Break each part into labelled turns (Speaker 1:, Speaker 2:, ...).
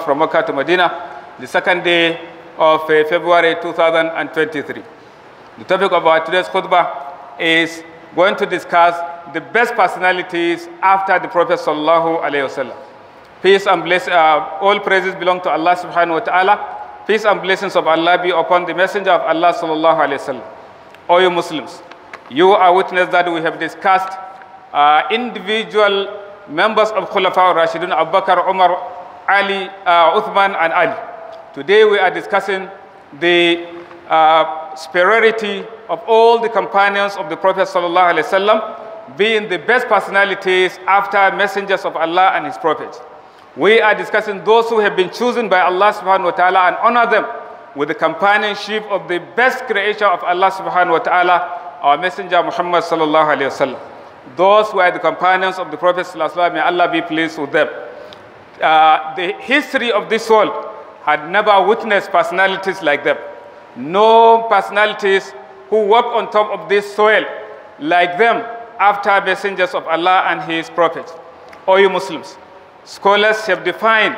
Speaker 1: from Makkah to Medina, the second day of uh, February 2023. The topic of our today's khutbah is going to discuss the best personalities after the Prophet sallallahu alaihi wasallam. Peace and blessings, uh, all praises belong to Allah subhanahu wa ta'ala. Peace and blessings of Allah be upon the messenger of Allah sallallahu alaihi wasallam. All you Muslims, you are witness that we have discussed uh, individual members of Khulafa al-Rashidun, Abu Bakr, Umar, Ali, uh, Uthman and Ali. Today we are discussing the uh, superiority of all the companions of the Prophet sallallahu being the best personalities after messengers of Allah and his prophet. We are discussing those who have been chosen by Allah subhanahu wa ta'ala and honor them with the companionship of the best creation of Allah subhanahu wa ta'ala, our messenger Muhammad sallallahu wa sallam. Those who are the companions of the Prophet may Allah be pleased with them. Uh, the history of this world had never witnessed personalities like them. No personalities who walked on top of this soil like them after messengers of Allah and his prophets. All oh, you Muslims, scholars have defined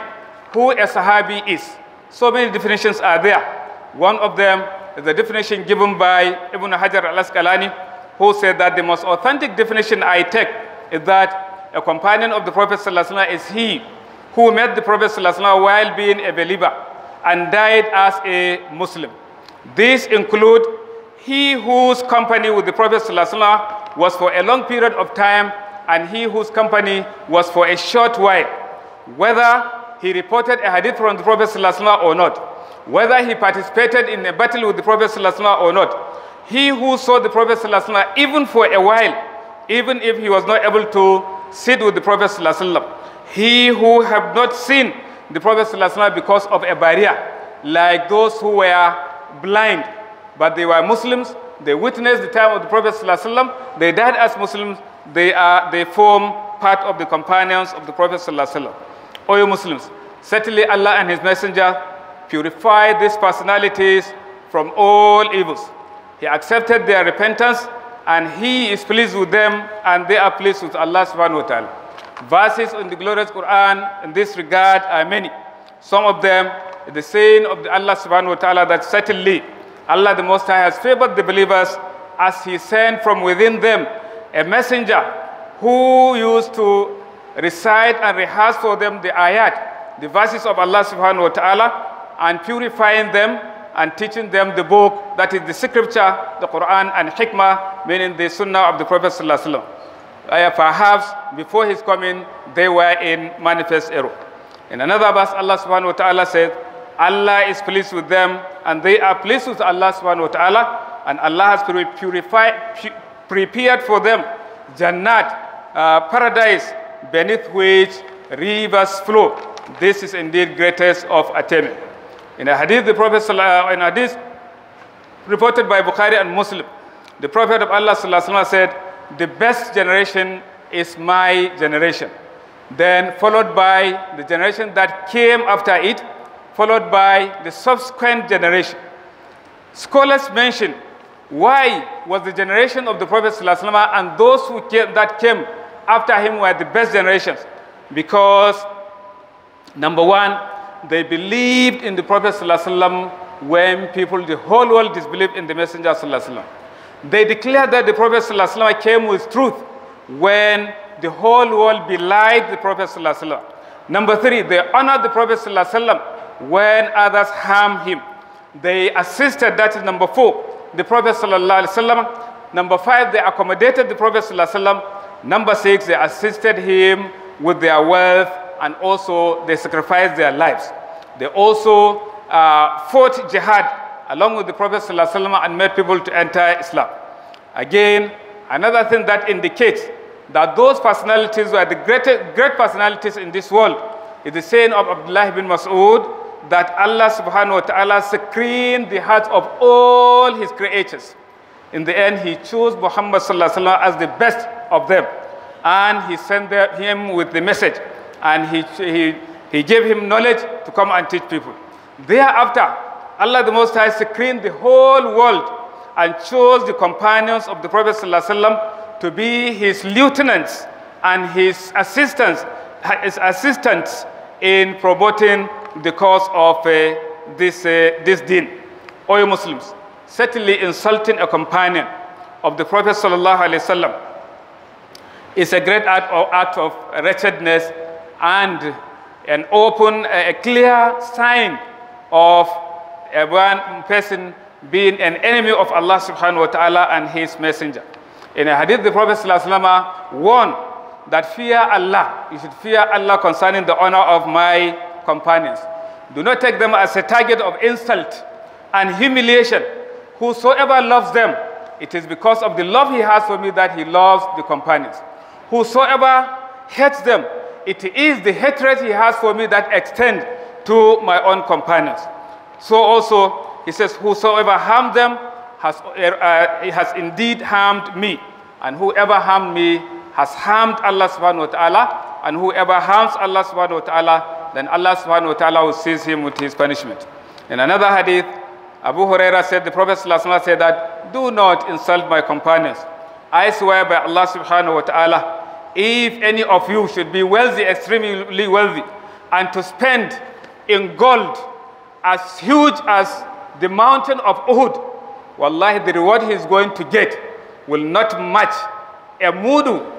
Speaker 1: who a Sahabi is. So many definitions are there. One of them is the definition given by Ibn Hajar al-Asqalani, who said that the most authentic definition I take is that a companion of the Prophet is he who met the Prophet ﷺ while being a believer and died as a Muslim. These include he whose company with the Prophet ﷺ was for a long period of time and he whose company was for a short while, whether he reported a hadith from the Prophet ﷺ or not, whether he participated in a battle with the Prophet ﷺ or not, he who saw the Prophet ﷺ even for a while, even if he was not able to sit with the Prophet ﷺ, he who have not seen the Prophet because of a barrier, like those who were blind, but they were Muslims, they witnessed the time of the Prophet they died as Muslims, they, are, they form part of the companions of the Prophet all you Muslims, certainly Allah and His Messenger purified these personalities from all evils. He accepted their repentance and He is pleased with them and they are pleased with Allah subhanahu wa ta'ala. Verses in the glorious Quran in this regard are many. Some of them, the saying of Allah subhanahu wa ta'ala that certainly Allah the Most High has favored the believers as He sent from within them a messenger who used to recite and rehearse for them the ayat, the verses of Allah subhanahu wa ta'ala, and purifying them and teaching them the book that is the scripture, the Quran, and hikmah, meaning the sunnah of the Prophet sallallahu alaihi wasallam. Uh, perhaps before his coming, they were in manifest error. In another verse, Allah subhanahu wa ta'ala says, Allah is pleased with them, and they are pleased with Allah subhanahu wa ta'ala, and Allah has purified, prepared for them Jannat, uh, paradise, beneath which rivers flow. This is indeed greatest of attainment. In a hadith, the Prophet, uh, in a hadith reported by Bukhari and Muslim, the Prophet of Allah uh, said, the best generation is my generation. Then followed by the generation that came after it, followed by the subsequent generation. Scholars mention why was the generation of the Prophet ﷺ and those who came, that came after him were the best generations. Because, number one, they believed in the Prophet ﷺ when people, the whole world disbelieved in the Messenger ﷺ. They declared that the Prophet ﷺ came with truth when the whole world belied the Prophet ﷺ. Number three, they honored the Prophet ﷺ when others harmed him. They assisted, that is number four, the Prophet ﷺ. Number five, they accommodated the Prophet ﷺ. Number six, they assisted him with their wealth and also they sacrificed their lives. They also uh, fought jihad along with the Prophet ﷺ and made people to enter Islam. Again, another thing that indicates that those personalities were the greatest, great personalities in this world is the saying of Abdullah bin Mas'ud that Allah subhanahu wa ta'ala screened the hearts of all his creatures. In the end, he chose Muhammad sallallahu as the best of them. And he sent him with the message. And he, he, he gave him knowledge to come and teach people. Thereafter, Allah the Most High screened the whole world and chose the companions of the Prophet ﷺ to be his lieutenants and his assistants, his assistants in promoting the cause of uh, this, uh, this deen. O you Muslims, certainly insulting a companion of the Prophet ﷺ is a great act of, act of wretchedness and an open, a clear sign of a one person being an enemy of Allah subhanahu wa ta'ala and his messenger. In a hadith, the Prophet warned that fear Allah. You should fear Allah concerning the honor of my companions. Do not take them as a target of insult and humiliation. Whosoever loves them, it is because of the love he has for me that he loves the companions. Whosoever hates them, it is the hatred he has for me that extends to my own companions. So also, he says, Whosoever harmed them has, uh, has indeed harmed me, and whoever harmed me has harmed Allah subhanahu wa ta'ala, and whoever harms Allah subhanahu wa ta'ala, then Allah subhanahu wa ta'ala will seize him with his punishment. In another hadith, Abu Huraira said, the Prophet said that, do not insult my companions. I swear by Allah subhanahu wa ta'ala, if any of you should be wealthy, extremely wealthy, and to spend in gold as huge as the mountain of Uhud, wallahi, the reward he is going to get will not match a mudu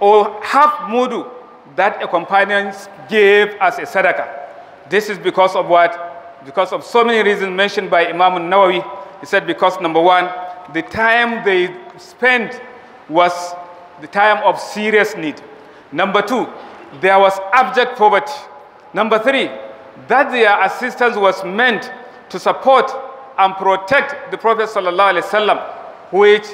Speaker 1: or half mudu that a companion gave as a sadaqah. This is because of what? Because of so many reasons mentioned by Imam Nawawi. He said because number one, the time they spent was the time of serious need. Number two, there was abject poverty. Number three, that their assistance was meant to support and protect the Prophet ﷺ, which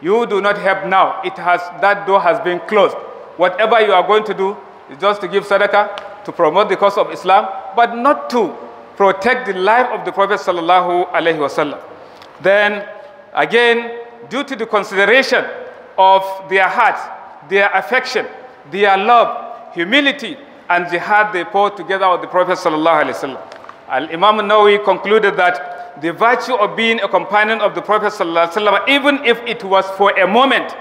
Speaker 1: you do not help now. It has, that door has been closed. Whatever you are going to do is just to give sadaqah, to promote the cause of Islam, but not to protect the life of the Prophet ﷺ. Then, again, due to the consideration of their hearts, their affection, their love, humility, and jihad they fought together with the Prophet sallallahu Al-Imam Nawawi concluded that the virtue of being a companion of the Prophet sallallahu even if it was for a moment,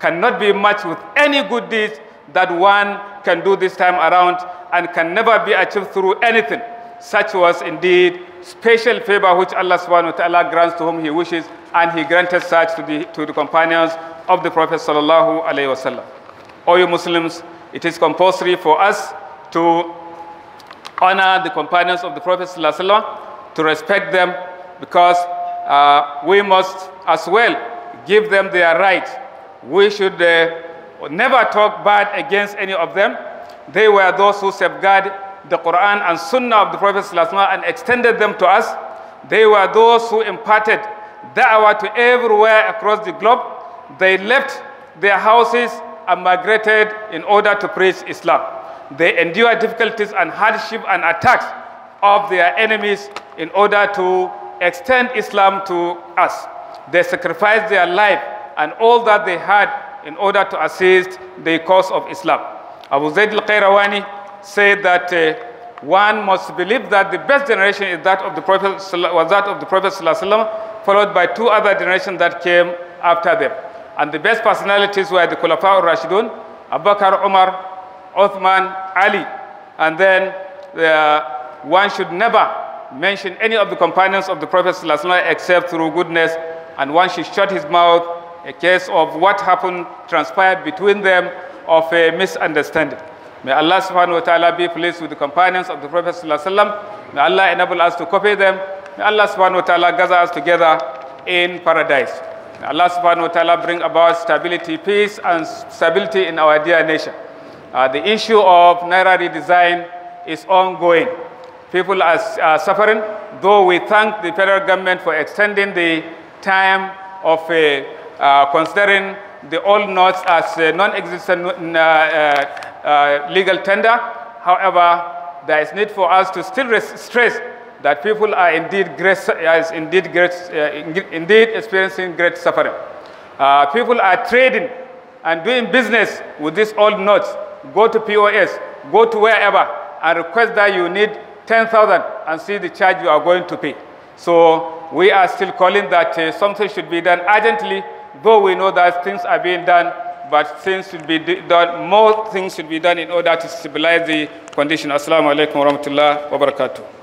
Speaker 1: cannot be matched with any good deeds that one can do this time around and can never be achieved through anything. Such was indeed special favor which Allah subhanahu wa ta'ala grants to whom he wishes and he granted such to the, to the companions of the Prophet sallallahu alayhi wasallam. O you Muslims, it is compulsory for us to honor the companions of the Prophet to respect them, because uh, we must as well give them their rights. We should uh, never talk bad against any of them. They were those who safeguarded the Quran and Sunnah of the Prophet and extended them to us. They were those who imparted da'wah to everywhere across the globe. They left their houses and migrated in order to preach Islam. They endure difficulties and hardship and attacks of their enemies in order to extend Islam to us. They sacrificed their life and all that they had in order to assist the cause of Islam. Abu Zayd al-Qayrawani said that uh, one must believe that the best generation is that of the Prophet was that of the Prophet followed by two other generations that came after them. And the best personalities were the Khulafa al-Rashidun, Abu Bakr, Umar, Uthman, Ali. And then uh, one should never mention any of the companions of the Prophet except through goodness. And one should shut his mouth a case of what happened, transpired between them of a misunderstanding. May Allah subhanahu wa ta'ala be pleased with the companions of the Prophet sallallahu May Allah enable us to copy them. May Allah subhanahu wa ta'ala gather us together in paradise. May Allah subhanahu wa ta'ala bring about stability, peace and stability in our dear nation. Uh, the issue of Naira redesign is ongoing. People are, are, suffering, though we thank the federal government for extending the time of uh, uh considering the old notes as non-existent uh, uh, legal tender. However, there is need for us to still stress that people are indeed great, is indeed great, uh, indeed experiencing great suffering. Uh, people are trading and doing business with these old notes Go to POS, go to wherever, and request that you need 10,000 and see the charge you are going to pay. So we are still calling that uh, something should be done urgently, though we know that things are being done, but things should be done, more things should be done in order to stabilize the condition. Assalamu alaikum wa rahmatullah wa barakatuh.